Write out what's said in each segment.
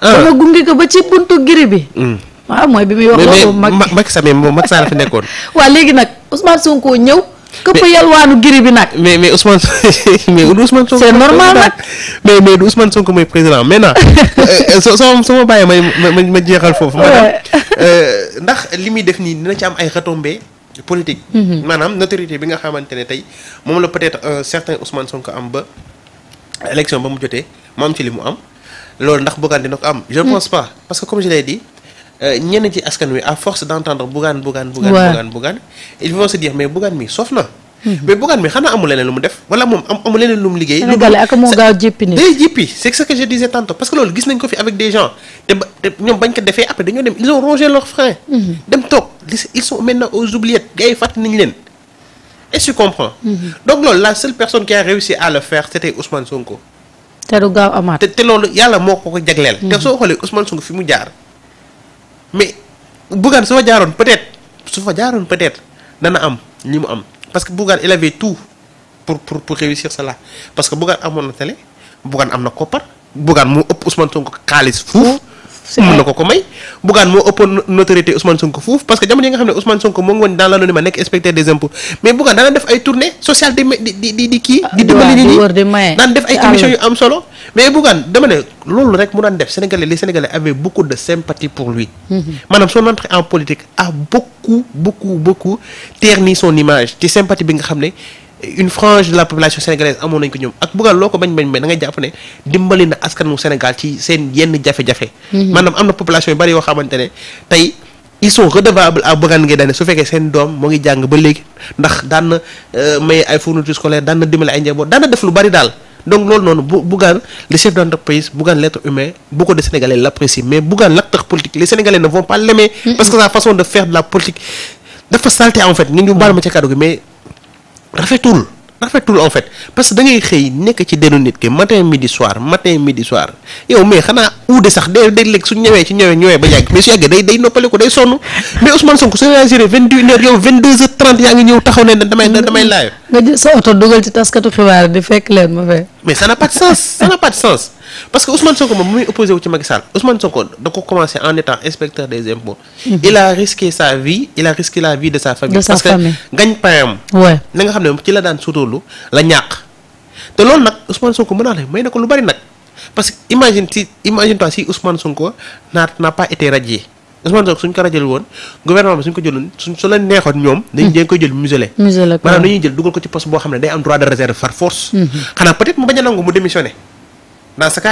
dama ah. gunge ko ba ci buntu giri bi. waaw hmm. ah, mooy bi muy wax loolu mag mais Macky Sall moom Macky Sall fi nekkoon. waaw léegi nag Ousmane Sonko ñëw. këpp yalwaanu giri bi nag. mais mais Ousmane mais Ousmane Sonko. c'est normal nag mais mais Ousmane Sonko mooy président maintenant. Euh, soo euh, soo soo ma bàyyi ma ma ma jeexal foofu. maanaam euh, ndax li muy def nii dina ci am ay retombées politique. Mm-hmm. maanaam notoriété bi nga xamante ne tey moom la peut-être un certain Ousmane Sonko am ba élection ba mu jotee mu am ci li mu am. loolu ndax Bougane dina ko am. je ne hmm. pense pas parce que comme je l'ai dit euh, ñenn ci askan wi à force d'entendre Bougane Bougane. Bougane Bougane Bougane ils vont se dire mais Bougane mi soof na. Hmm. mais Bougane mi xanaa amul leneen lu mu def wala moom am amul leneen lu mu liggéey. Sénégalais ak moo gaaw jéppi ni day jéppi c'est ce que je disais tantôt parce que loolu gis nañ ko fi avec des gens te ba te ñoom bañ ko defee après dañoo dem ils ont rongé hmm. leen. est-ce que tu comprends. donc loolu a réussi te du gaaw amaat te te loolu yàlla moo ko ko jagleel. Mm-hmm. te soo xoolee Ousmane Sonko fi mu jaar mais Bougane su fa jaaroon peut-être su fa jaaroon peut-être dana am li mu am parce que Bougane il tout pour pour pour sa cela parce que Bougane amoon na télé Bougane am na koppar Bougane moo ëpp Ousmane Sonko xaalis fuuf. mën na ko ko may. Bougane moo ëppoon notoriété Ousmane Sonko foofu parce que jamono yi nga xam ne Ousmane Sonko moo ngi woon dans l'anonymat nekk inspecteur des impôts mais Bougane am dama ne loolu rek mu daan def Sénégalais les Sénégalais avaient beaucoup de sympathie pour lui. Mm-hmm. maanaam son entrée en politique a beaucoup beaucoup beaucoup terni son image ci sympathie bi nga xam ne. une frange de la population sénégalaise amoon nañ ko ñoom ak buggal loo ko bañ bañ bañ da ngay jàpp ne dimbali na askanu Sénégal ci seen yenn jafe-jafe. Mhm. maanaam am na population yu bari yoo xamante ne tey. ils sont redevables à Bougane euh, na def lu bari daal donc loolu noonu bu le chef d'entreprise Bougane l'être humain beaucoup de Sénégalais l'apprécient mais Bougane l'acteur politique les mhm. parce que sa façon de faire de la politique dafa salté en fait ngi ñu baal ma rafetul rafetul en fait parce que da ngay xëy nekk ci dellu nit ki matin midi soir matin midi soir yow mais xanaa uude sax day day léegi su ñëwee ci ñëwee ñëwee ba yàgg mais su yàggee day day noppale day sonn mais Ousmane Sonko su réagiré vingt une heures yow vingt deux heures yaa ngi ñëw taxaw ne damay damay laaj. nga jël sa oto dugal ci taskatu xibaar di fekk leen ma fee. mais ça n'a pas de sens ça n'a pas de sens parce que Ousmane Sonko moom muy opposé ci Macky Sall Sonko da ko commencé en étant inspecteur des impôts. Mhm. il a risqué sa vie il a risqué la vie de sa famille. de parce que gagne-pain am. na nga xam ne ci la daan suturlu la ñàkk. te loolu nag Ousmane Sonko mën naa la may na ko lu bari nag parce que imagine si imagine toi si Ousmane Sonko n'a n'a pas été radié. Ousmane Sonko suñ ko rajal woon gouvernement bi suñ ko jëloon suñ su leen neexoon ñoom dañ koy jël muselé maanaam dañuy jël dugal ko ci poste boo xam ne day am droit de réserve par force mhm. xanaa peut-être mu bañ a nangu mu démissionné dans ce ko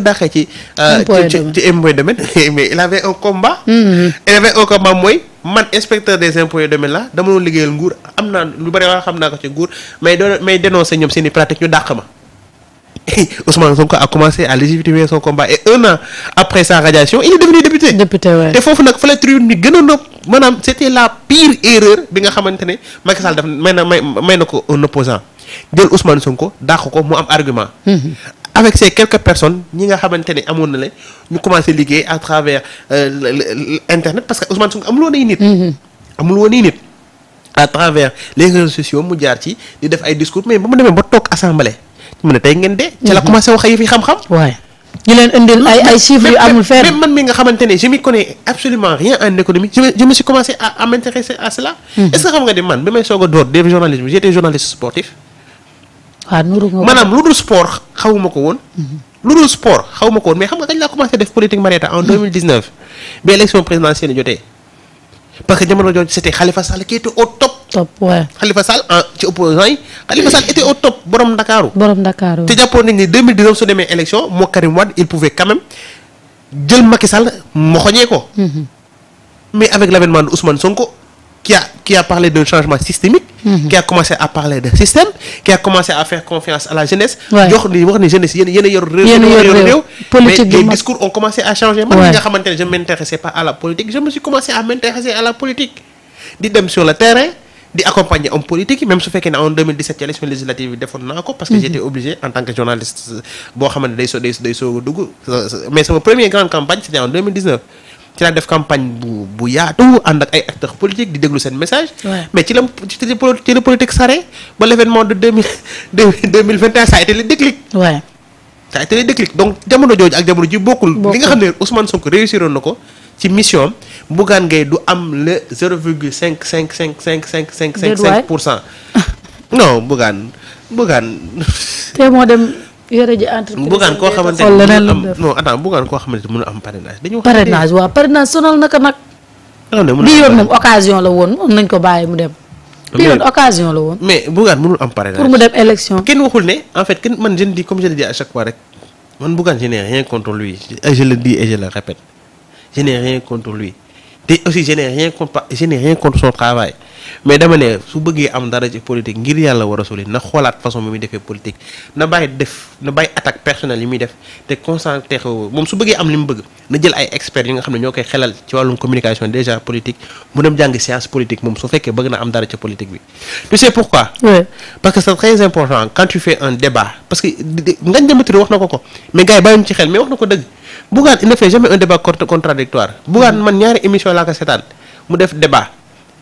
dàqee ci euh, ci impôt domaine mais il avait un combat mhm. il avait un combat mooy man inspecteur des impôts et la dama doon liggéeyal nguur am naa lu bëri waa xam naa ko ci nguur may dénoncé ñoom seen pratique ñu dàq ma Ousmane Sonko a commencé à bi gën a nopp maanaam c' était la pire erreur bi nga ko am argument. Mm-hmm. avec ces quelques personnes ñi nga xamante ne amoon na la ñu commencé liggéey à travers euh, internet parce que Ousmane Sonko amul woon ay nit. Mm-hmm. amul woon ay nit. à travers les réseaux sociaux mu jaar ci di def ay discours mais ba mu demee ba toog assemblée. mu ne tey ngeen dee. ci la mhm. commencé wax ay fi xam-xam. waay ñu leen indil ay ay chiffres yu amul fenn. même man mi nga xamante ne je m'y connais absolument rien en économie je me je me suis commencé à à m'intéresser à cela. Mhm. est-ce que xam nga ni man bi may soog a door def journalisme j'étais journaliste sportif. waaw nuru nga maanaam lu dul sport xawuma ko woon. Mhm. lu dul sport xawuma ko woon mais xam nga kañ laa commencé def politique Marieta en 2019 bi élection présidentielle jotee parce que jamono jooju c'était Khalifa Sall qui était au top. top waaw Khalifa Sall ci opposants yi Khalifa Sall était au top Ndakaaru. borom Ndakaaru te jàppoo nañ ni su demee élection moo Karim Wade il pouvait quand même jël Macky Sall moxoñee ko. Mhm. mais avec l'avènement de Ousmane Sonko. qui a qui a parlé d'un changement systémique. Mm -hmm. qui a parler de système. qui a commencé à faire confiance à la jeunesse. jox ni wax ni jeunesse yéen yéen réew. yéen réew politique mais les discours ont commencé à changer. man nga xamante ne je me suis commencé à m'intéresser à la politique. di terrain. di accompagner homme politique yi même su fekkee ne en 2017 ci élection législative bi defoon naa ko. parce que mhm. j' étais obligé en tant que journaliste boo xamante day so a dugg. mais sama première grande campagne c' était en 2019 ci laa def campagne bu yaatu ànd ak ay acteurs politiques di déglu seen message. mais ci la politique saree ba l' événement de deux mille deux mille vingt et un ça a été te a été donc jamono jooj ak jamono ji bokkul. li nga xam ne Ousmane Sonko réussiroon na ko ci mission am Bougane du am le zéro virgule cinq cinq cinq cinq cinq cinq cinq pour cent. non Bougane Bougane. tey moo dem yore ji entreprise. Bougane koo xamante ne am non koo xamante ne mënu am parrainage. dañu parrainage waaw parrainage sonal na ko nag. lii yoon moom occasion la woon nañ ko bàyyi mu dem. lii doon occasion la woon. mais Bougane mënul am parrainage pour mu kenn waxul ne en fait kenn man je ne dis comme je le dis chaque fois rek man Bougane je rien contre lui je le dis et je le répète je rien contre te aussi je n'ai rien contre je rien contre son travail mais dama ne su bëggee am dara ci politique ngir yàlla war a soli na xoolaat façon bi muy defee politique na bàyyi def na bàyyi attaque personnelle yi muy def te concentré ko moom su bëggee am li mu bëgg na jël ay experts yi nga xam ne ñoo koy xelal ci wàllum communication déjà politique mu dem jàng science politique moom su fekkee bëgg na am dara ci politique bi. tu sais pourquoi. oui Bougane il ne fait jamais un débat contradictoire Bougane man ñaari émission laa ko seetaan mu def débat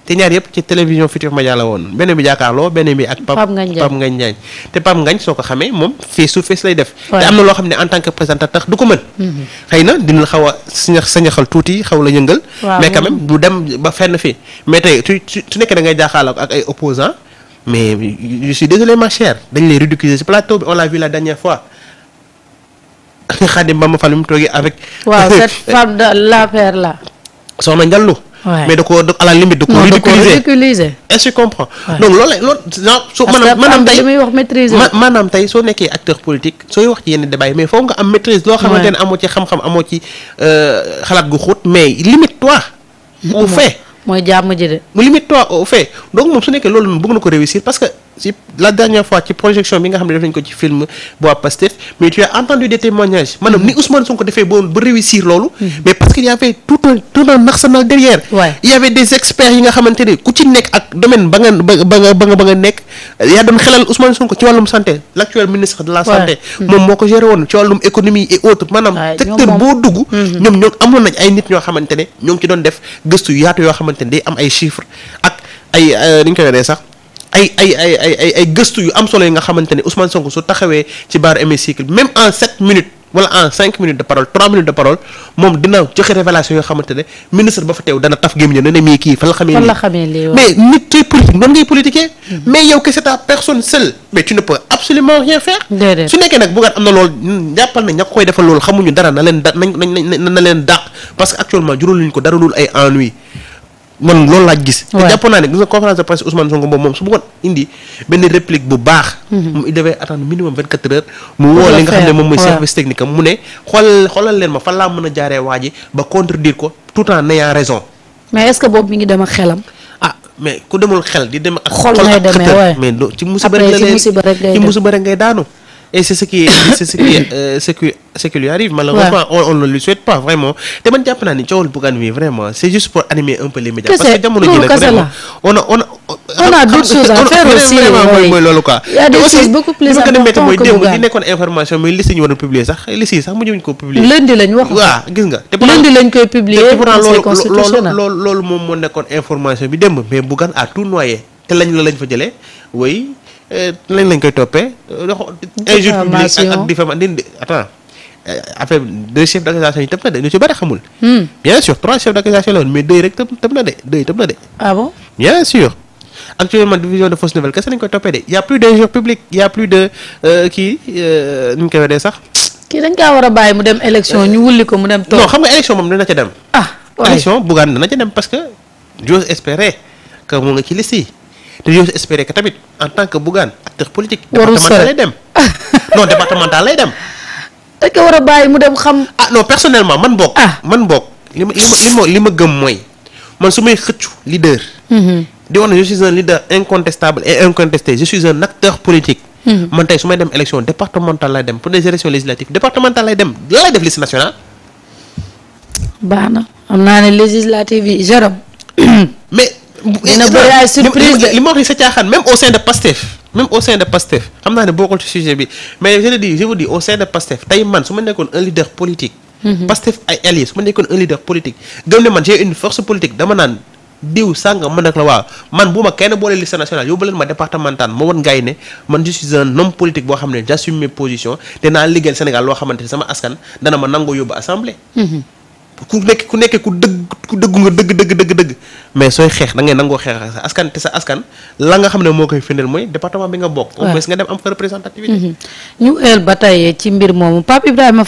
te ñaar yëpp ci télévision Futurs Médias la woon beneen bi jàkkaarloo beneen bi ak. Pape Ngagne Pape te Pape Ngagne soo ko xamee moom face to face lay def. te am na loo xam ne en tant que présentateur du ko mën. Mhm. xëy na dina xaw a sañax sañaxal tuuti xaw la yëngal. mais quand même du dem ba fenn fii mais tey tu tu nekk da ngay jàkkaarloo ak ay opposants mais je ma chère dañ fois. Cheikh Khadim Bamba Fall mi mu toogee avec. waaw cette femme de l'APR là. soxna Ndiallo. Ouais. mais da koo à la limite da koo. ridiculiser est-ce que tu la soo. nekkee acteur politique sooy wax ci yenn débat yi mais foog nga am maîtrise. loo xamante ne amoo ci xam-xam amoo ci euh, xalaat gu xóot mais limite toi. au fait. mooy jàmm ji de. mu limite toi au fait donc moom su nekkee loolu noonu bëgg na ko réussir parce que ci la dernière fois ci projection bi nga xam ne def nañu ko ci film Bois Pastef mais tu as entendu des témoignages. maanaam ni Ousmane Sonko defee ba ba réussir loolu. Mm-hmm. mais parce qu'il y avait tout tout un arsenal derrière. il y avait des experts yi nga xamante ne ku ci nekk ak. domaine ba nga ba nga ba nga nekk yaa doon xelal Ousmane Sonko ci wàllum santé l' actuel ministre de la santé hmm. moom moo ko géré woon ci wàllum économie et autres maanaam secteur boo dugg hmm. ñoom ñoo amoon nañ ay nit ñoo xamante ne ñoo ngi ci doon def gëstu yaatu yoo xamante ne day am ay chiffres ak ay euh, ni ñu koy sax ay ay ay ay ay gëstu yu am solo yi nga xamante ne Ousmane Sonko su taxawee ci baar hémicycle même en sept minutes wala en cinq minutes de parole trois minutes de parole moom dina joxe révélation yoo xamante ne ministre ba fa teew dana taf gémmiñ ne ne mii kii fan la xamee. lii mais nit koy politique noonu ngay politiquer. Hmm. mais yow que c'est personne seule. mais tu ne absolument rien faire. su nekkee nag bëggaat am na loolu jàppal na ña koy defal loolu xamuñu dara na leen da na leen dàq parce que actuellement jural luñ ko dara lul ay ennui. man loolu laaj gis. te jàpp naa ne gis nga conférence de presse Ousmane Sonko boobu moom su bëggoon indi benn réplique bu baax. moom il devait attendre minimum vingt quatre heures. mu woo li nga mu ne xool leen ma fan laa mën a jaaree waa ji ba contredire ko tout en ayant raison. mais est-ce que boobu mi ngi dem ak xelam. ah mais ku demul xel di dem. ak xol ak xëtër mais ci musiba rek ngay daanu. et c'est ce qui c'est ce qui euh, ce qui arrive malheureusement ouais. on, on ne lui pas vraiment te man jàpp naa ni coowal Bougane mi vraiment c'est juste pour animer un peu les médias loolu nekkoon information mais liste yi ñu sax liste yi sax mujj wuñ ko publier lundi lañ wax waaw gis nga te lundi lañ koy publier loolu loolu moom moo nekkoon information bi dem mais Bougane a tout noyé te lañ la lañ fa jëlee way Euh, lañ lañ koy toppee. Euh, injure publique ak ak diffamation di attends euh, après deux chefs d'accusation yi tëb na de ñu ci bari xamul. Hmm. bien sûr trois chefs d'accusation la woon mais deux rek tëb na de deux yi tëb na de. ah bon bien sûr. actuellement division de fausse nouvelle kese lañ koy toppee de y' a plus d'injure publique y' a plus de kii nu ñu koy waxee sax. kii dañ kaa war a bàyyi mu dem élection ñu wulli ko mu dem. toog non xam nga élection moom dina ca dem. ah élection Bougane dana ca dem parce que mu nga ci liste te yow espérer que tamit en tant que Bougane acteur politique. départemental lay dem non départemental lay dem. dañ ko war a bàyyi mu dem xam. ah non personnellement man bokk. Ah. man bokk li ma li ma li ma gëm mooy man su may xëccu leader. Mm-hmm. di wax ne je suis leader incontestable incontesté je suis acteur politique. Mm-hmm. man tey su may dem élection départementale lay dem pour des élections législatives départementale lay dem lan lay def liste nationale. baax na li ma wax ni sa caaxaan même au sein de Pastef même au sein de Pastef xam naa ne bokkul ci sujet bi mais je le dis je vous dis au sein de Pastef tey man su ma nekkoon un leader politique. Mhm. Pastef ay alliés su ma nekkoon un leader politique gëm ne man j'ai une force politique dama naan. diw sànga man nag la waaw man bu ma kenn boole liste nationale yóbbu ma départemental ma woon ngay ne man je un homme politique boo xam ne j'assume mes positions loo xamante ne sama askan dana ma nangoo ku nekk ku nekk ku dëgg ku dëggu nga dëgg dëgg dëgg dëgg mais sooy xeex da ngay nangoo xeex ak sa askan te sa askan la nga xam ne moo koy firndeel mooy département bi nga bokk. au nga dem am fa représentativité. Mhm. ñu eel ba tey ci mbir moomu Pape Ibrahima